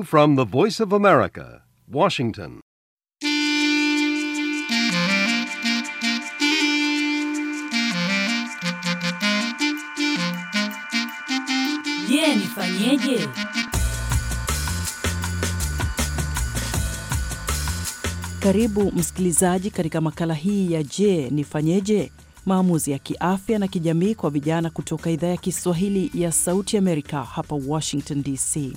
From the Voice of America, Washington. Je, Karibu msikilizaji katika makala hii ya Je, nifanyeje? Maamuzi ya kiafya na kijamii kwa vijana kutoka idhaa ya Kiswahili ya Sauti Amerika hapa Washington DC.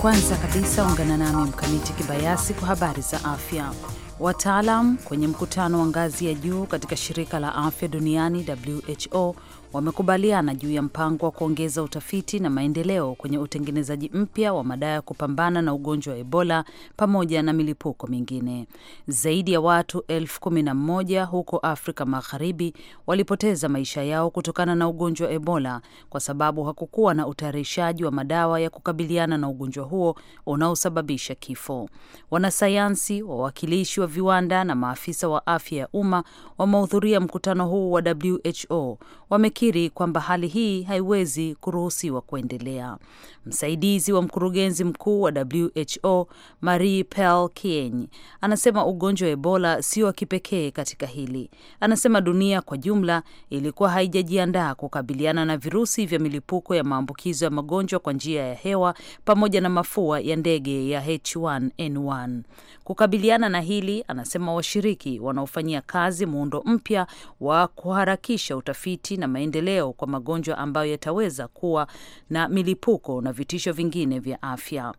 Kwanza kabisa ungana nami Mkamiti Kibayasi kwa habari za afya. Wataalam kwenye mkutano wa ngazi ya juu katika shirika la afya duniani WHO wamekubaliana juu ya mpango wa kuongeza utafiti na maendeleo kwenye utengenezaji mpya wa madawa ya kupambana na ugonjwa wa Ebola pamoja na milipuko mingine. Zaidi ya watu elfu kumi na moja huko Afrika Magharibi walipoteza maisha yao kutokana na ugonjwa wa Ebola kwa sababu hakukuwa na utayarishaji wa madawa ya kukabiliana na ugonjwa huo unaosababisha kifo. Wanasayansi, wawakilishi wa viwanda na maafisa wa afya ya umma wamehudhuria mkutano huu wa WHO wame wamekiri kwamba hali hii haiwezi kuruhusiwa kuendelea. Msaidizi wa mkurugenzi mkuu wa WHO Marie Pel Kieny anasema ugonjwa wa Ebola sio wa kipekee katika hili. Anasema dunia kwa jumla ilikuwa haijajiandaa kukabiliana na virusi vya milipuko ya maambukizo ya magonjwa kwa njia ya hewa pamoja na mafua ya ndege ya H1N1. Kukabiliana na hili, anasema washiriki wanaofanyia kazi muundo mpya wa kuharakisha utafiti na maendeleo kwa magonjwa ambayo yataweza kuwa na milipuko na vitisho vingine vya afya.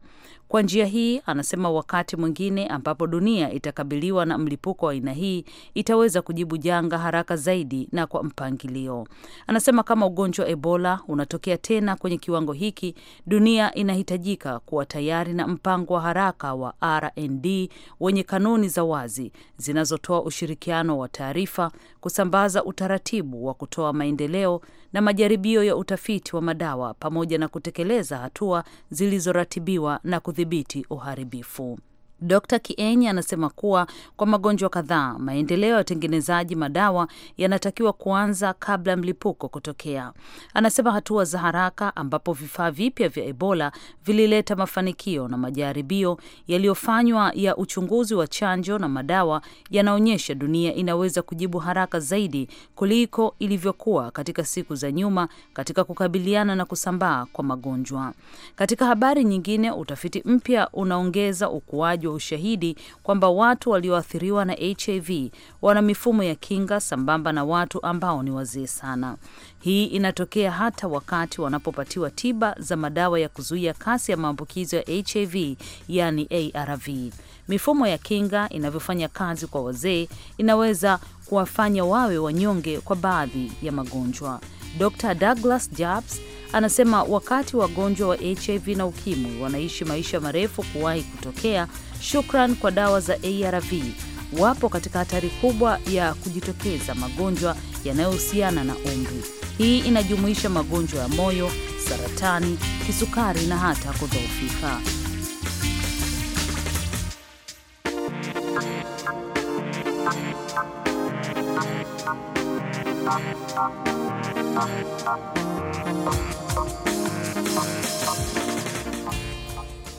Kwa njia hii, anasema, wakati mwingine ambapo dunia itakabiliwa na mlipuko wa aina hii itaweza kujibu janga haraka zaidi na kwa mpangilio. Anasema kama ugonjwa wa Ebola unatokea tena kwenye kiwango hiki, dunia inahitajika kuwa tayari na mpango wa haraka wa rnd wenye kanuni za wazi zinazotoa ushirikiano wa taarifa, kusambaza utaratibu wa kutoa maendeleo na majaribio ya utafiti wa madawa pamoja na kutekeleza hatua zilizoratibiwa na kudhibiti uharibifu. Dr. Kieny anasema kuwa kwa magonjwa kadhaa maendeleo ya utengenezaji madawa yanatakiwa kuanza kabla mlipuko kutokea. Anasema hatua za haraka ambapo vifaa vipya vya Ebola vilileta mafanikio na majaribio yaliyofanywa ya uchunguzi wa chanjo na madawa yanaonyesha dunia inaweza kujibu haraka zaidi kuliko ilivyokuwa katika siku za nyuma katika kukabiliana na kusambaa kwa magonjwa. Katika habari nyingine, utafiti mpya unaongeza ukuaji wa ushahidi kwamba watu walioathiriwa na HIV wana mifumo ya kinga sambamba na watu ambao ni wazee sana. Hii inatokea hata wakati wanapopatiwa tiba za madawa ya kuzuia kasi ya maambukizo ya HIV yani ARV. Mifumo ya kinga inavyofanya kazi kwa wazee inaweza kuwafanya wawe wanyonge kwa baadhi ya magonjwa. Dr. Douglas Jabs anasema wakati wagonjwa wa HIV na ukimwi wanaishi maisha marefu kuwahi kutokea, shukran kwa dawa za ARV wapo katika hatari kubwa ya kujitokeza magonjwa yanayohusiana na umri. Hii inajumuisha magonjwa ya moyo, saratani, kisukari na hata kudhoofika.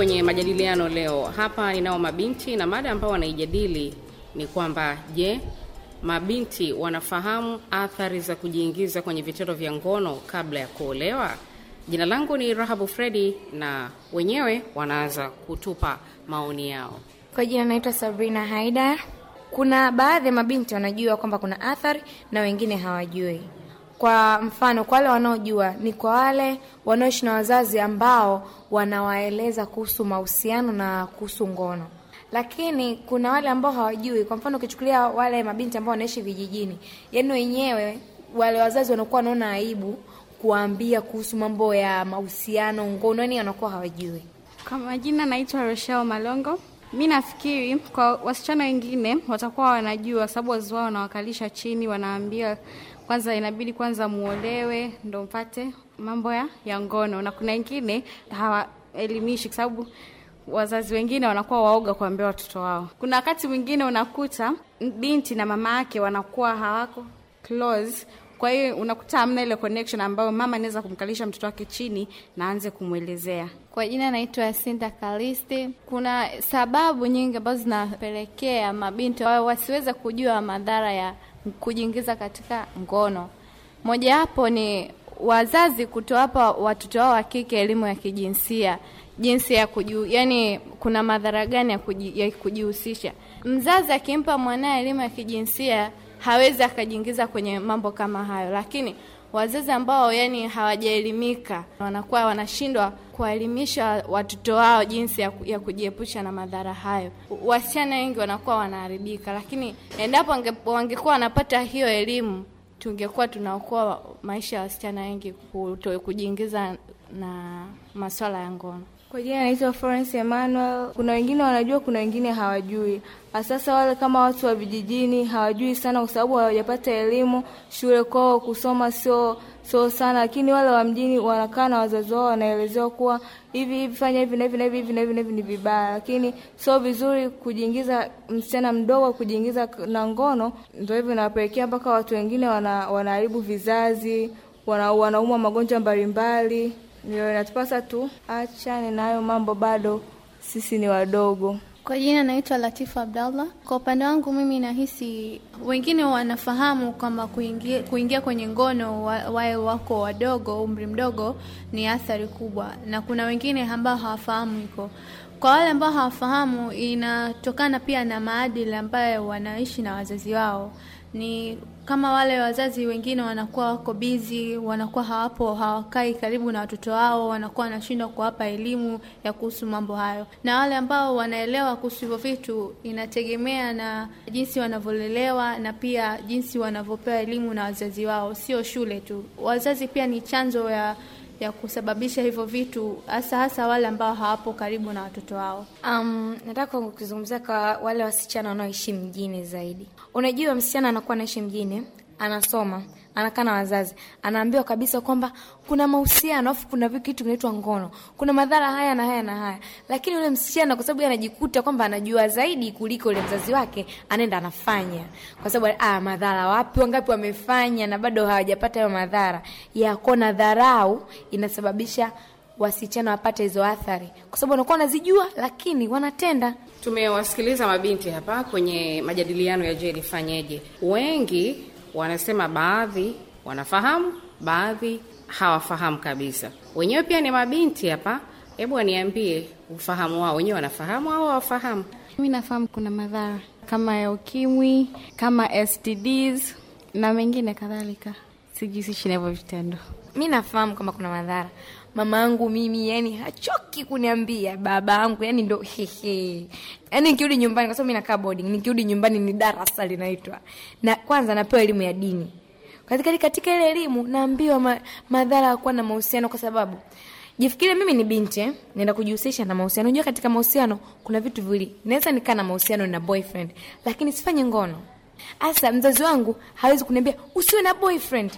kwenye majadiliano leo. Hapa ninao mabinti na mada ambayo wanaijadili ni kwamba je, mabinti wanafahamu athari za kujiingiza kwenye vitendo vya ngono kabla ya kuolewa? Jina langu ni Rahabu Fredi na wenyewe wanaanza kutupa maoni yao. Kwa jina naitwa Sabrina Haidar. Kuna baadhi ya mabinti wanajua kwamba kuna athari na wengine hawajui. Kwa mfano, kwa wale wanaojua ni kwa wale wanaoishi na wazazi ambao wanawaeleza kuhusu mahusiano na kuhusu ngono lakini kuna wale ambao hawajui. Kwa mfano, ukichukulia wale mabinti ambao wanaishi vijijini, yani wenyewe wale wazazi wanakuwa wanaona aibu kuambia kuhusu mambo ya mahusiano, ngono, yani wanakuwa hawajui. Kwa majina, naitwa roshel Malongo. Mi nafikiri kwa wasichana wengine watakuwa wanajua, sababu wazazi wao wanawakalisha chini, wanaambia kwanza inabidi kwanza muolewe ndo mpate mambo ya, ya ngono, na kuna wengine hawaelimishi kwa sababu wazazi wengine wanakuwa waoga kuambia watoto wao. Kuna wakati mwingine unakuta binti na mama yake wanakuwa hawako close kwa hiyo unakuta amna ile connection ambayo mama anaweza kumkalisha mtoto wake chini na aanze kumwelezea. Kwa jina naitwa Sinta Kalisti. Kuna sababu nyingi ambazo zinapelekea mabinti wao wasiweze kujua madhara ya kujiingiza katika ngono. Mojawapo ni wazazi kutowapa watoto wao wa kike elimu ya kijinsia jinsi ya kuju, yani kuna madhara gani ya, kuji, ya kujihusisha. Mzazi akimpa mwanae elimu ya kijinsia hawezi akajiingiza kwenye mambo kama hayo, lakini wazazi ambao yani hawajaelimika wanakuwa wanashindwa kuwaelimisha watoto wao jinsi ya, ya kujiepusha na madhara hayo. Wasichana wengi wanakuwa wanaharibika, lakini endapo wangekuwa wanapata hiyo elimu, tungekuwa tunaokoa maisha ya wasichana wengi kujiingiza na maswala ya ngono. Kwa jina naitwa Florence Emmanuel. Kuna wengine wanajua, kuna wengine hawajui. Sasa wale kama watu wa vijijini hawajui sana, kwa sababu hawajapata elimu shule, kwao kusoma sio sio sana, lakini wale wa mjini wanakaa na wazazi wao, wanaelezewa kuwa hivi hivi, fanya hivi na hivi na hivi hivi na hivi ni vibaya, lakini sio vizuri kujiingiza, msichana mdogo kujiingiza na ngono. Ndio hivyo inawapelekea mpaka watu wengine wanaharibu wana vizazi, wanaumwa magonjwa mbalimbali ndio inatupasa tu achane na hayo mambo, bado sisi ni wadogo. Kwa jina naitwa Latifa Abdallah. Kwa upande wangu mimi nahisi wengine wanafahamu kwamba kuingia, kuingia kwenye ngono wawe wako wadogo, umri mdogo, ni athari kubwa, na kuna wengine ambao hawafahamu hiko. Kwa wale ambao hawafahamu, inatokana pia na maadili ambayo wanaishi na wazazi wao ni kama wale wazazi wengine wanakuwa wako bizi, wanakuwa hawapo, hawakai karibu na watoto wao, wanakuwa wanashindwa kuwapa elimu ya kuhusu mambo hayo. Na wale ambao wanaelewa kuhusu hivyo vitu, inategemea na jinsi wanavyolelewa na pia jinsi wanavyopewa elimu na wazazi wao, sio shule tu. Wazazi pia ni chanzo ya ya kusababisha hivyo vitu, hasa hasa wale ambao hawapo karibu na watoto wao. Um, nataka kuzungumzia kwa wale wasichana wanaoishi mjini zaidi. Unajua, msichana anakuwa anaishi mjini, anasoma anakaa na wazazi, anaambiwa kabisa kwamba kuna mahusiano, afu kuna kitu kinaitwa ngono, kuna madhara haya na haya na haya. Lakini yule msichana kwa sababu anajikuta kwamba anajua zaidi kuliko yule mzazi wake, anaenda anafanya, kwa sababu ah, madhara wapi, wangapi wamefanya na bado hawajapata hayo madhara yako, na dharau inasababisha wasichana wapate hizo athari, kwa sababu wanakuwa wanazijua lakini wanatenda. Tumewasikiliza mabinti hapa kwenye majadiliano ya Je, Nifanyeje. Wengi wanasema baadhi wanafahamu, baadhi hawafahamu kabisa. Wenyewe pia ni mabinti hapa, hebu waniambie ufahamu wao wenyewe, wanafahamu au hawafahamu? Mimi nafahamu kuna madhara kama ya ukimwi, kama STDs na mengine kadhalika, sijui sichi navyo vitendo. Mi nafahamu kwamba kuna madhara mama yangu mimi yani hachoki kuniambia, baba yangu yani ndo hehe. Yani nikirudi nyumbani, kwa sababu mimi nakaa boarding, nikirudi nyumbani ni darasa linaitwa, na kwanza napewa elimu ya dini. Katika katika ile elimu naambiwa ma, madhara ya kuwa na mahusiano, kwa sababu jifikirie mimi ni binti eh, naenda kujihusisha na mahusiano. Unajua katika mahusiano kuna vitu viwili, naweza nikaa na mahusiano na boyfriend, lakini sifanye ngono. Asa mzazi wangu hawezi kuniambia usiwe na boyfriend,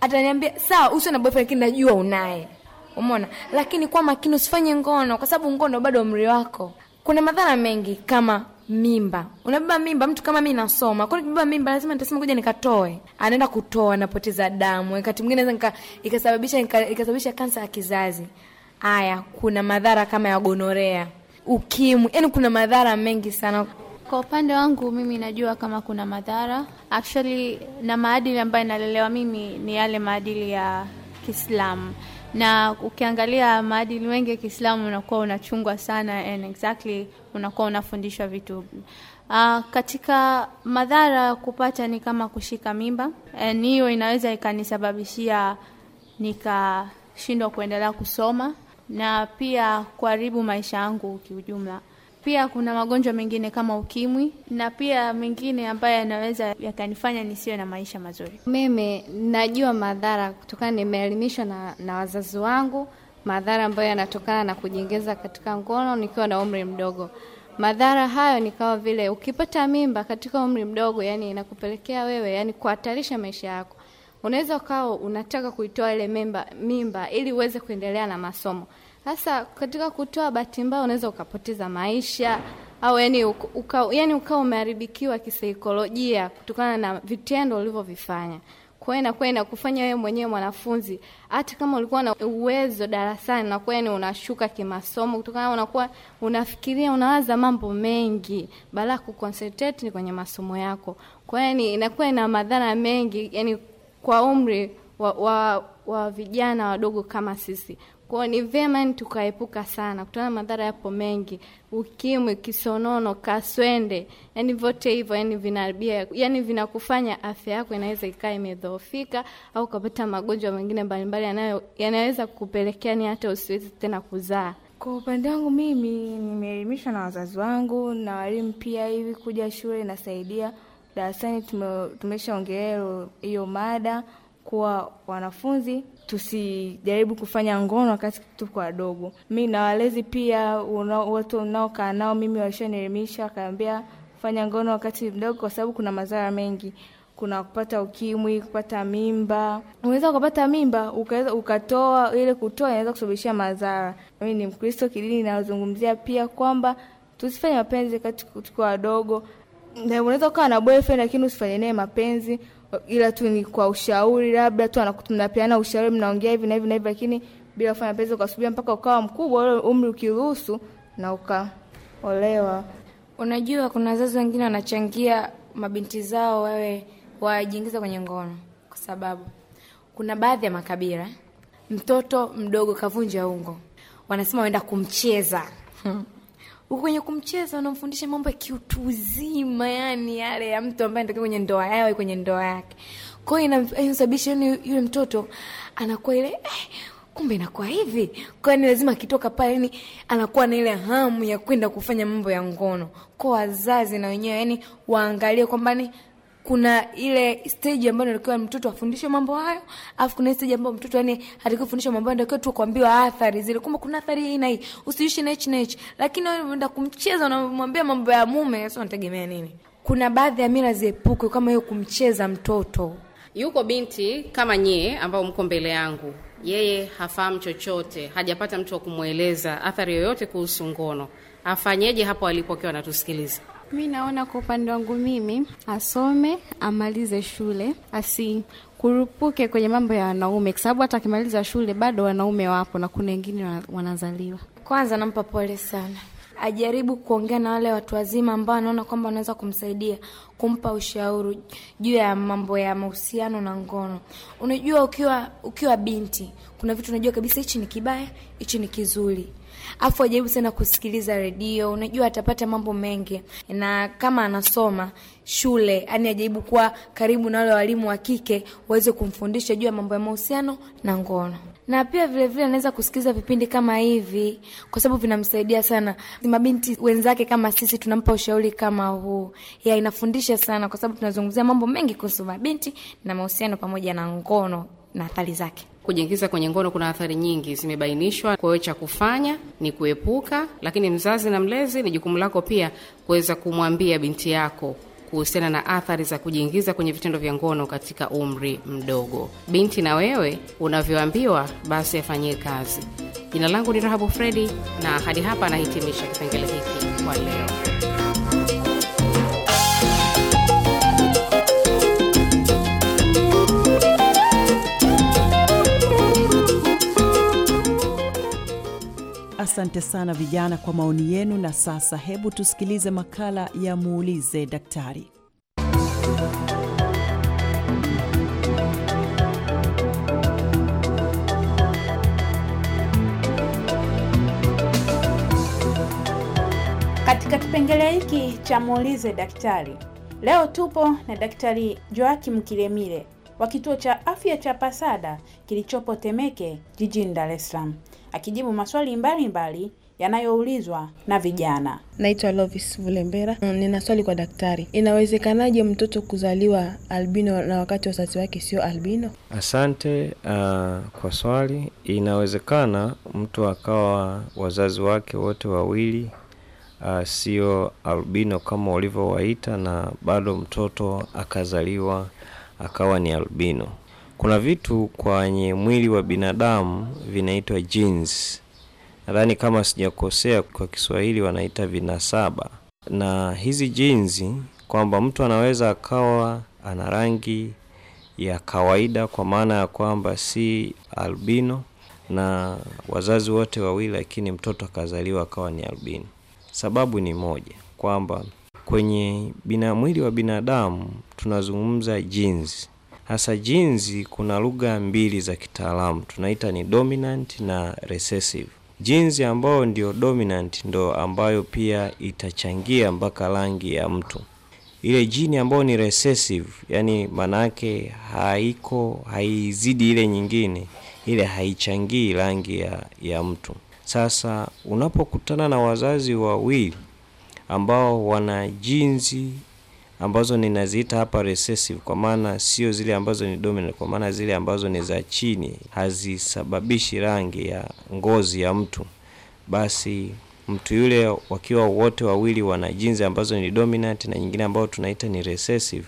ataniambia sawa, usiwe na boyfriend, lakini najua unaye Umeona? Lakini kwa makini usifanye ngono kwa sababu ngono bado umri wako. Kuna madhara mengi kama mimba. Unabeba mimba, mtu kama mimi nasoma. Kwa nini mimba lazima nitasema kuja nikatoe? Anaenda kutoa, anapoteza damu. Wakati mwingine naweza ikasababisha ikasababisha kansa ya kizazi. Aya, kuna madhara kama ya gonorea, ukimwi. Yaani kuna madhara mengi sana. Kwa upande wangu mimi najua kama kuna madhara actually, na maadili ambayo nalelewa mimi ni yale maadili ya Kiislamu na ukiangalia maadili mengi ya Kiislamu unakuwa unachungwa sana and exactly unakuwa unafundishwa vitu Uh, katika madhara ya kupata ni kama kushika mimba, and hiyo inaweza ikanisababishia nikashindwa kuendelea kusoma na pia kuharibu maisha yangu kiujumla. Pia kuna magonjwa mengine kama ukimwi na pia mengine ambayo yanaweza yakanifanya nisiwe na maisha mazuri. Mimi najua madhara kutokana, nimeelimishwa na, na wazazi wangu madhara ambayo yanatokana na kujiingiza katika ngono nikiwa na umri mdogo. Madhara hayo ni kama vile ukipata mimba katika umri mdogo, yani inakupelekea wewe yani kuhatarisha maisha yako. Unaweza ukawa unataka kuitoa ile mimba, mimba ili uweze kuendelea na masomo sasa katika kutoa, bahati mbaya unaweza ukapoteza maisha au yani ukawa yani uka umeharibikiwa kisaikolojia kutokana na vitendo ulivyovifanya. Kwa hiyo inakuwa inakufanya wewe mwenyewe mwanafunzi, hata kama ulikuwa na uwezo darasani, unakuwa yani unashuka kimasomo, kutokana unakuwa unafikiria, unawaza mambo mengi badala ya kuconcentrate ni kwenye masomo yako. Kwa hiyo yani inakuwa ina madhara mengi yani kwa umri wa, wa, wa vijana wadogo kama sisi. Kwao ni vyema yani tukaepuka sana kutana, madhara yapo mengi, ukimwi, kisonono, kaswende, yani vyote hivyo yani vinaribia yani vinakufanya afya yako inaweza ikaa imedhoofika, au ukapata magonjwa mengine mbalimbali yanayo yanaweza kukupelekea ni hata usiwezi tena kuzaa. Kwa upande wangu mimi nimeelimishwa na wazazi wangu na walimu pia, hivi kuja shule inasaidia. Darasani tumeshaongelea hiyo mada kuwa wanafunzi tusijaribu kufanya ngono wakati tuko wadogo. Mi na walezi pia, watu unaokaa nao, mimi walishanielimisha wakaambia fanya ngono wakati mdogo, kwa sababu kuna madhara mengi kuna kupata ukimwi, kupata mimba. Unaweza ukapata mimba ukaweza ukatoa, ile kutoa inaweza kusababishia madhara. Mimi ni Mkristo kidini, nazungumzia pia kwamba tusifanye mapenzi kati tuko wadogo. Unaweza ukawa na boyfriend lakini usifanye naye mapenzi ila tu ni kwa ushauri, labda tu mnapeana ushauri, mnaongea hivi na hivi na hivi, lakini bila kufanya pesa, ukasubia mpaka ukawa mkubwa, ule umri ukiruhusu, na ukaolewa. Unajua, kuna wazazi wengine wanachangia mabinti zao wawe wajiingiza kwenye ngono, kwa sababu kuna baadhi ya makabila mtoto mdogo kavunja ungo, wanasema waenda kumcheza uko kwenye kumcheza, unamfundisha mambo ya kiutu uzima, yani yale ya mtu ambaye anatoka kwenye ndoa yao kwenye ndoa yake. Kwa hiyo inasababisha yani yule mtoto anakuwa ile eh, kumbe inakuwa hivi. Kwa hiyo lazima akitoka pale, yani anakuwa na ile hamu ya kwenda kufanya mambo ya ngono. Kwa wazazi na wenyewe yani waangalie kwamba ni kuna ile stage ambayo inatakiwa mtoto afundishwe mambo hayo, alafu kuna stage ambayo mtoto yani hatakiwa kufundishwa mambo hayo, tu kuambiwa athari zile, kumbe kuna athari hii na hii, usiishi na hichi na hichi. Lakini wewe unaenda kumcheza, unamwambia mambo ya mume, sio unategemea nini? Kuna baadhi ya mila ziepukwe kama hiyo, kumcheza mtoto. Yuko binti kama nyie ambao mko mbele yangu, yeye hafahamu chochote, hajapata mtu wa kumweleza athari yoyote kuhusu ngono, afanyeje hapo alipokiwa anatusikiliza? Mi naona kwa upande wangu mimi, asome amalize shule, asikurupuke kwenye mambo ya wanaume, kwa sababu hata akimaliza shule bado wanaume wapo na kuna wengine wanazaliwa. Kwanza nampa pole sana, ajaribu kuongea na wale watu wazima ambao anaona kwamba wanaweza kumsaidia kumpa ushauri juu ya mambo ya mahusiano na ngono. Unajua, ukiwa ukiwa binti, kuna vitu unajua kabisa hichi ni kibaya, hichi ni kizuri afu ajaribu sana kusikiliza redio, unajua atapata mambo mengi, na kama anasoma shule, yani ajaribu kuwa karibu na wale walimu wa kike waweze kumfundisha juu ya mambo ya mahusiano na ngono na pia vile vile anaweza kusikiliza vipindi kama hivi kwa sababu vinamsaidia sana. Mabinti wenzake kama sisi tunampa ushauri kama huu, ya inafundisha sana kwa sababu tunazungumzia mambo mengi kuhusu mabinti na mahusiano pamoja na ngono na athari zake kujiingiza kwenye ngono kuna athari nyingi zimebainishwa. Kwa hiyo cha kufanya ni kuepuka, lakini mzazi na mlezi, ni jukumu lako pia kuweza kumwambia binti yako kuhusiana na athari za kujiingiza kwenye vitendo vya ngono katika umri mdogo. Binti na wewe unavyoambiwa, basi afanyie kazi. Jina langu ni Rahabu Fredi, na hadi hapa anahitimisha kipengele hiki kwa leo. Asante sana vijana kwa maoni yenu. Na sasa hebu tusikilize makala ya muulize daktari. Katika kipengele hiki cha muulize daktari, leo tupo na Daktari Joakim Kilemile wa kituo cha afya cha Pasada kilichopo Temeke jijini Dar es Salaam akijibu maswali mbalimbali yanayoulizwa na vijana. Naitwa Lovis Vulembera, nina swali kwa daktari. Inawezekanaje mtoto kuzaliwa albino na wakati wazazi wake sio albino? Asante uh, kwa swali. Inawezekana mtu akawa wazazi wake wote wawili uh, sio albino kama walivyowaita, na bado mtoto akazaliwa akawa ni albino. Kuna vitu kwenye mwili wa binadamu vinaitwa genes. Nadhani kama sijakosea, kwa Kiswahili wanaita vinasaba, na hizi genes kwamba mtu anaweza akawa ana rangi ya kawaida kwa maana ya kwamba si albino na wazazi wote wawili, lakini mtoto akazaliwa akawa ni albino. Sababu ni moja kwamba kwenye bina mwili wa binadamu tunazungumza genes. Hasa jinsi kuna lugha mbili za kitaalamu tunaita ni dominant na recessive. Jinsi ambayo ndio dominant ndo ambayo pia itachangia mpaka rangi ya mtu. Ile jini ambayo ni recessive, yani manake haiko haizidi ile nyingine, ile haichangii rangi ya, ya mtu. Sasa unapokutana na wazazi wawili ambao wana jinsi ambazo ninaziita hapa recessive, kwa maana sio zile ambazo ni dominant, kwa maana zile ambazo ni za chini hazisababishi rangi ya ngozi ya mtu, basi mtu yule wakiwa wote wawili wana jinsi ambazo ni dominant na nyingine ambayo tunaita ni recessive,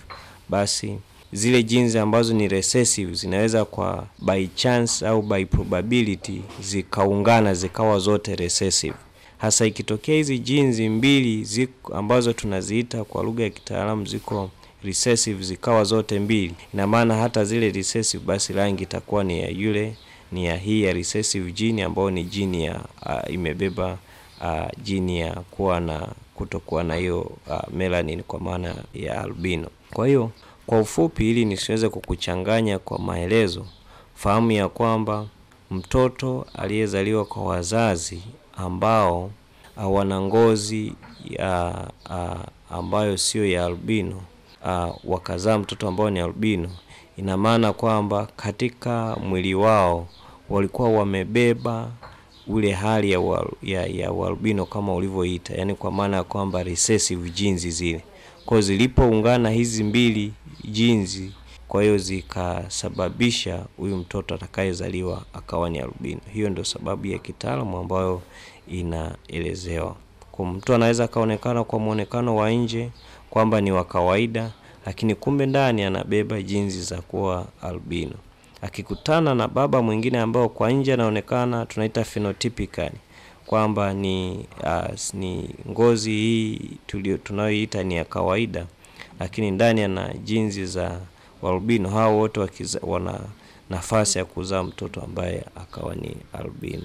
basi zile jinsi ambazo ni recessive zinaweza kwa by chance au by probability zikaungana zikawa zote recessive. Hasa ikitokea hizi jinzi mbili ziko ambazo tunaziita kwa lugha ya kitaalamu ziko recessive zikawa zote mbili, ina maana hata zile recessive basi rangi itakuwa ni ya yule ni ya hii ya recessive gene ambayo ni gene ya uh, imebeba uh, jini ya kuwa na kutokuwa na hiyo uh, melanin kwa maana ya albino. Kwa hiyo kwa ufupi, ili nisiweze kukuchanganya kwa maelezo, fahamu ya kwamba mtoto aliyezaliwa kwa wazazi ambao ah, wana ngozi ah, ambayo sio ya albino ah, wakazaa mtoto ambao ni albino, ina maana kwamba katika mwili wao walikuwa wamebeba ule hali ya, wa, ya, ya ualbino kama ulivyoita, yani kwa maana ya kwamba recessive jinsi zile kwao zilipoungana hizi mbili jinsi kwa hiyo zikasababisha huyu mtoto atakayezaliwa akawa ni albino. Hiyo ndio sababu ya kitaalamu ambayo inaelezewa. Kwa mtu anaweza akaonekana kwa mwonekano wa nje kwamba ni wa kawaida, lakini kumbe ndani anabeba jinsi za kuwa albino. Akikutana na baba mwingine ambao kwa nje anaonekana tunaita phenotypical kwamba ni, uh, ni ngozi hii tunayoiita ni ya kawaida, lakini ndani ana jinsi za albino hao wote wana nafasi ya kuzaa mtoto ambaye akawa ni albino.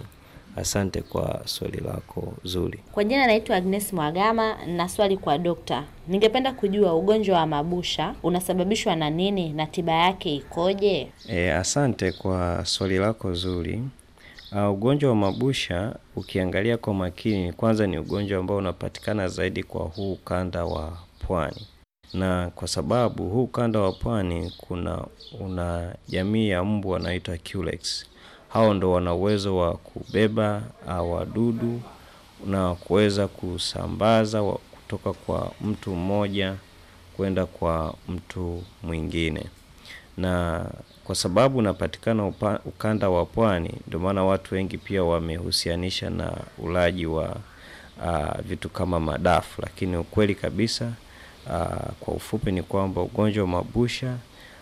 Asante kwa swali lako zuri. Kwa jina naitwa Agnes Mwagama na swali kwa dokta, ningependa kujua ugonjwa wa mabusha unasababishwa na nini na tiba yake ikoje? E, asante kwa swali lako zuri. Uh, ugonjwa wa mabusha ukiangalia kwa makini, kwanza ni ugonjwa ambao unapatikana zaidi kwa huu ukanda wa pwani na kwa sababu huu ukanda wa pwani kuna una jamii ya mbu wanaitwa Culex. Hao ndo wana uwezo wa kubeba wadudu na kuweza kusambaza wa kutoka kwa mtu mmoja kwenda kwa mtu mwingine, na kwa sababu unapatikana ukanda wa pwani, ndio maana watu wengi pia wamehusianisha na ulaji wa uh, vitu kama madafu, lakini ukweli kabisa Ah, kwa ufupi ni kwamba ugonjwa wa mabusha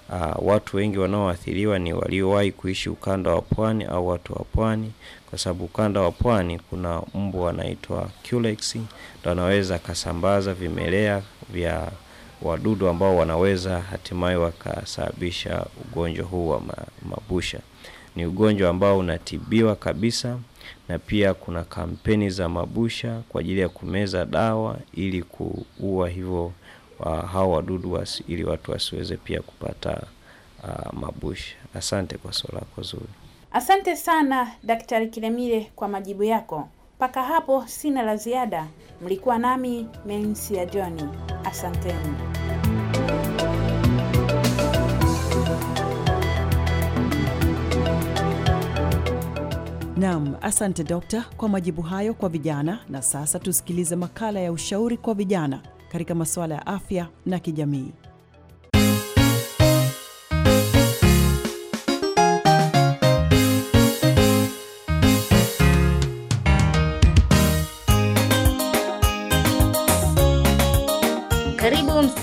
uh, watu wengi wanaoathiriwa ni waliowahi kuishi ukanda wa pwani au watu wa pwani, kwa sababu ukanda wa pwani kuna mbu anaitwa Culex, ndo anaweza akasambaza vimelea vya wadudu ambao wanaweza hatimaye wakasababisha ugonjwa huu wa mabusha. Ni ugonjwa ambao unatibiwa kabisa, na pia kuna kampeni za mabusha kwa ajili ya kumeza dawa ili kuua hivyo wa hao wadudu wasi, ili watu wasiweze pia kupata uh, mabushi. Asante kwa swali lako zuri. Asante sana Daktari Kiremile kwa majibu yako. Mpaka hapo sina la ziada. Mlikuwa nami Mensi ya Johni, asanteni. Naam, asante dokta kwa majibu hayo kwa vijana. Na sasa tusikilize makala ya ushauri kwa vijana katika masuala ya afya na kijamii.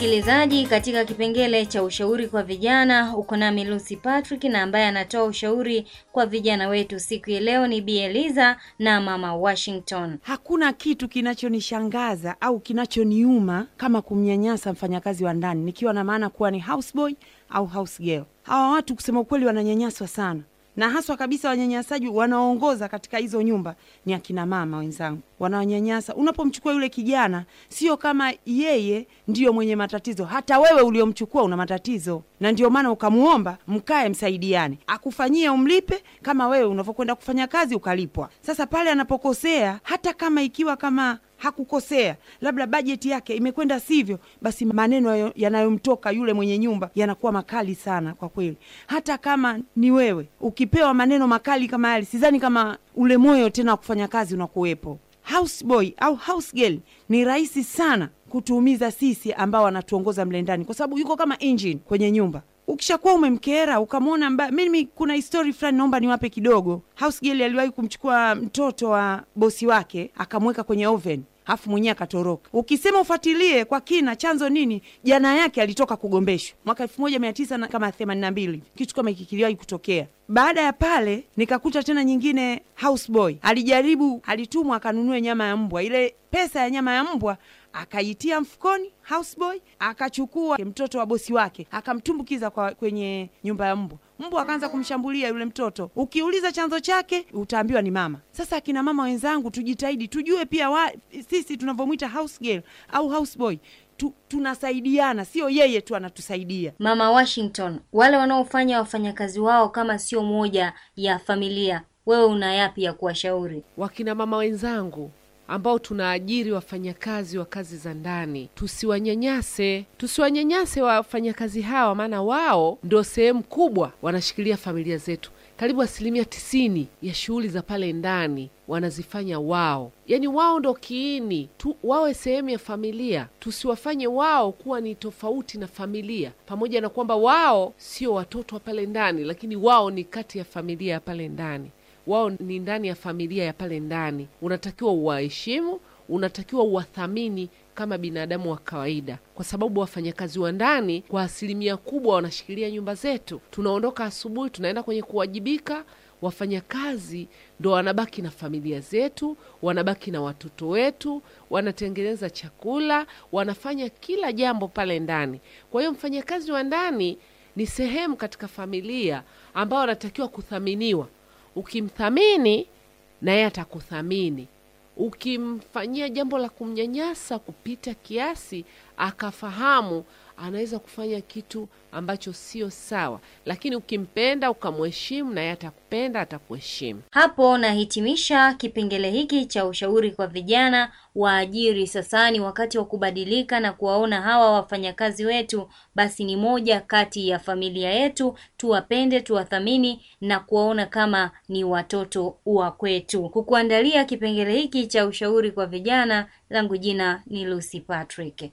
Msikilizaji, katika kipengele cha ushauri kwa vijana uko nami Lucy Patrick, na ambaye anatoa ushauri kwa vijana wetu siku ya leo ni Bi Eliza na Mama Washington. Hakuna kitu kinachonishangaza au kinachoniuma kama kumnyanyasa mfanyakazi wa ndani, nikiwa na maana kuwa ni houseboy au housegirl. Hawa watu kusema ukweli wananyanyaswa sana na haswa kabisa wanyanyasaji wanaongoza katika hizo nyumba ni akina mama wenzangu, wanawanyanyasa. Unapomchukua yule kijana, sio kama yeye ndiyo mwenye matatizo, hata wewe uliomchukua una matatizo, na ndio maana ukamuomba mkae, msaidiane, akufanyie umlipe, kama wewe unavyokwenda kufanya kazi ukalipwa. Sasa pale anapokosea, hata kama ikiwa kama hakukosea, labda bajeti yake imekwenda sivyo, basi maneno yanayomtoka yule mwenye nyumba yanakuwa makali sana kwa kweli. Hata kama ni wewe ukipewa maneno makali kama yale, sidhani kama ule moyo tena wa kufanya kazi unakuwepo. Houseboy au house girl ni rahisi sana kutuumiza sisi ambao wanatuongoza mle ndani, kwa sababu yuko kama engine kwenye nyumba. Ukishakuwa umemkera ukamwona mba, mimi kuna histori fulani naomba niwape kidogo. House girl aliwahi kumchukua mtoto wa bosi wake akamweka kwenye oven afu mwenyewe akatoroka. Ukisema ufuatilie kwa kina chanzo nini, jana yake alitoka kugombeshwa mwaka elfu moja mia tisa kama themanini na mbili kitu kama hiki kiliwahi kutokea. Baada ya pale nikakuta tena nyingine houseboy alijaribu, alitumwa akanunue nyama ya mbwa. Ile pesa ya nyama ya mbwa akaitia mfukoni houseboy, akachukua mtoto wa bosi wake akamtumbukiza kwa kwenye nyumba ya mbwa. Mbwa akaanza kumshambulia yule mtoto. Ukiuliza chanzo chake utaambiwa ni mama. Sasa akina mama wenzangu, tujitahidi tujue pia wa, sisi tunavyomwita house girl au houseboy tu, tunasaidiana, sio yeye tu anatusaidia. Mama Washington, wale wanaofanya wafanyakazi wao kama sio moja ya familia, wewe una yapi ya kuwashauri wakina mama wenzangu? ambao tunaajiri wafanyakazi wa kazi za ndani, tusiwanyanyase, tusiwanyanyase wafanyakazi hawa, maana wao ndio sehemu kubwa wanashikilia familia zetu. Karibu asilimia tisini ya shughuli za pale ndani wanazifanya wao, yaani wao ndo kiini tu, wawe sehemu ya familia. Tusiwafanye wao kuwa ni tofauti na familia, pamoja na kwamba wao sio watoto wa pale ndani, lakini wao ni kati ya familia ya pale ndani wao ni ndani ya familia ya pale ndani, unatakiwa uwaheshimu, unatakiwa uwathamini kama binadamu wa kawaida, kwa sababu wafanyakazi wa ndani kwa asilimia kubwa wanashikilia nyumba zetu. Tunaondoka asubuhi, tunaenda kwenye kuwajibika. Wafanyakazi ndo wanabaki na familia zetu, wanabaki na watoto wetu, wanatengeneza chakula, wanafanya kila jambo pale ndani. Kwa hiyo mfanyakazi wa ndani ni sehemu katika familia ambayo anatakiwa kuthaminiwa. Ukimthamini naye atakuthamini. Ukimfanyia jambo la kumnyanyasa kupita kiasi, akafahamu anaweza kufanya kitu ambacho sio sawa, lakini ukimpenda ukamheshimu, naye atakupenda, atakuheshimu. Hapo nahitimisha kipengele hiki cha ushauri kwa vijana waajiri. Sasa ni wakati wa kubadilika na kuwaona hawa wafanyakazi wetu basi ni moja kati ya familia yetu, tuwapende, tuwathamini na kuwaona kama ni watoto wa kwetu. Kukuandalia kipengele hiki cha ushauri kwa vijana, langu jina ni Lucy Patrick.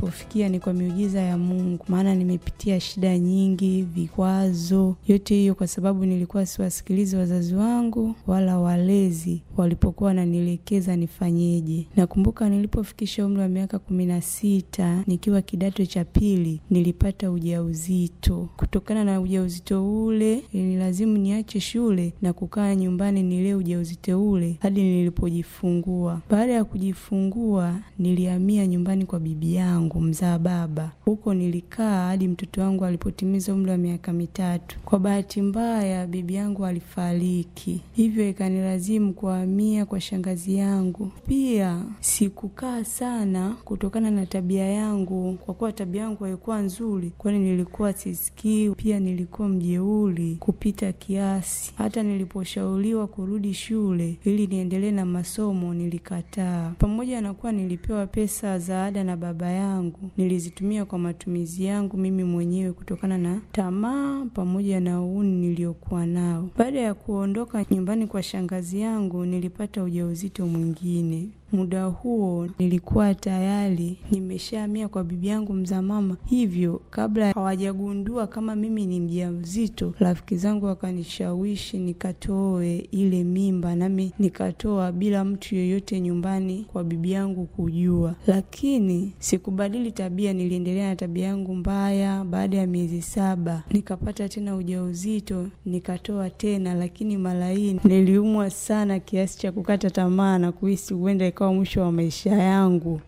nilipofikia ni kwa miujiza ya Mungu, maana nimepitia shida nyingi, vikwazo, yote hiyo kwa sababu nilikuwa siwasikilizi wazazi wangu wala walezi walipokuwa wananielekeza nifanyeje. Nakumbuka nilipofikisha umri wa miaka kumi na sita nikiwa kidato cha pili, nilipata ujauzito. Kutokana na ujauzito ule, ni lazimu niache shule na kukaa nyumbani nilee ujauzito ule hadi nilipojifungua. Baada ya kujifungua, nilihamia nyumbani kwa bibi yangu wangu mzaa baba. Huko nilikaa hadi mtoto wangu alipotimiza umri wa miaka mitatu. Kwa bahati mbaya, bibi yangu alifariki, hivyo ikanilazimu kuhamia kwa shangazi yangu. Pia sikukaa sana kutokana na tabia yangu, kwa kuwa tabia yangu haikuwa nzuri, kwani nilikuwa sisikii. Pia nilikuwa mjeuri kupita kiasi. Hata niliposhauriwa kurudi shule ili niendelee na masomo, nilikataa. Pamoja na kuwa nilipewa pesa za ada na baba yangu zangu nilizitumia kwa matumizi yangu mimi mwenyewe kutokana na tamaa pamoja na uni niliyokuwa nao. Baada ya kuondoka nyumbani kwa shangazi yangu, nilipata ujauzito mwingine. Muda huo nilikuwa tayari nimeshaamia kwa bibi yangu mzamama, hivyo kabla hawajagundua kama mimi ni mjamzito, rafiki zangu wakanishawishi nikatoe ile mimba, nami nikatoa bila mtu yoyote nyumbani kwa bibi yangu kujua. Lakini sikubadili tabia, niliendelea na tabia yangu mbaya. Baada ya miezi saba nikapata tena ujauzito, nikatoa tena, lakini mara hii niliumwa sana kiasi cha kukata tamaa na kuhisi huenda mpaka mwisho wa maisha yangu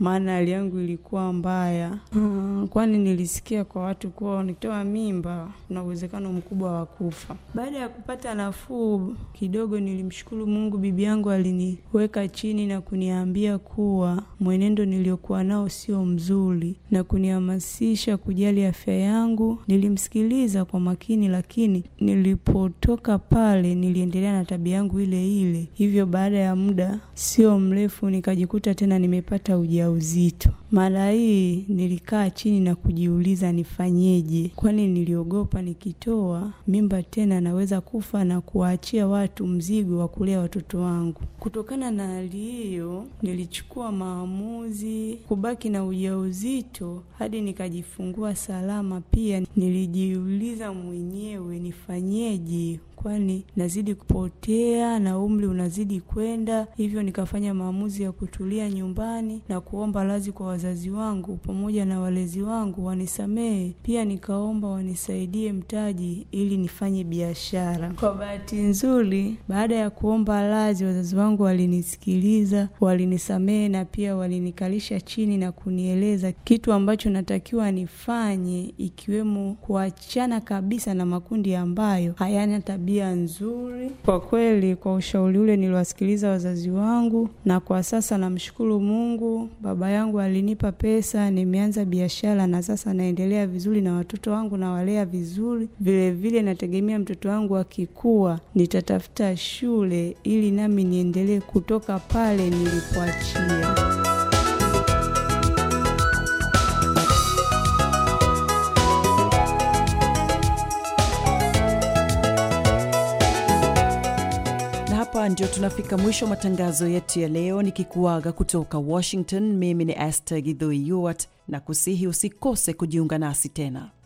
maana hali yangu ilikuwa mbaya uh, kwani nilisikia kwa watu kuwa nikitoa mimba kuna uwezekano mkubwa wa kufa. Baada ya kupata nafuu kidogo, nilimshukuru Mungu, bibi yangu aliniweka chini na kuniambia kuwa mwenendo niliokuwa nao sio mzuri na kunihamasisha kujali afya yangu. Nilimsikiliza kwa makini, lakini nilipotoka pale niliendelea na tabia yangu ile ile. Hivyo baada ya muda sio mrefu nikajikuta tena nimepata uja ujauzito. Mara hii nilikaa chini na kujiuliza nifanyeje, kwani niliogopa nikitoa mimba tena naweza kufa na kuwaachia watu mzigo wa kulea watoto wangu. Kutokana na hali hiyo, nilichukua maamuzi kubaki na ujauzito hadi nikajifungua salama. Pia nilijiuliza mwenyewe nifanyeje kwani nazidi kupotea na umri unazidi kwenda, hivyo nikafanya maamuzi ya kutulia nyumbani na ku kuomba radhi kwa wazazi wangu pamoja na walezi wangu wanisamehe, pia nikaomba wanisaidie mtaji ili nifanye biashara. Kwa bahati nzuri, baada ya kuomba radhi, wazazi wangu walinisikiliza, walinisamehe na pia walinikalisha chini na kunieleza kitu ambacho natakiwa nifanye, ikiwemo kuachana kabisa na makundi ambayo hayana tabia nzuri. Kwa kweli, kwa ushauri ule niliwasikiliza wazazi wangu, na kwa sasa namshukuru Mungu baba yangu alinipa pesa, nimeanza biashara na sasa naendelea vizuri na watoto wangu nawalea vizuri. Vile vile nategemea mtoto wangu akikua nitatafuta shule ili nami niendelee kutoka pale nilipoachia. ndio tunafika mwisho wa matangazo yetu ya leo, nikikuaga kutoka Washington. Mimi ni Esther Gidhui Yuwat, na kusihi usikose kujiunga nasi tena.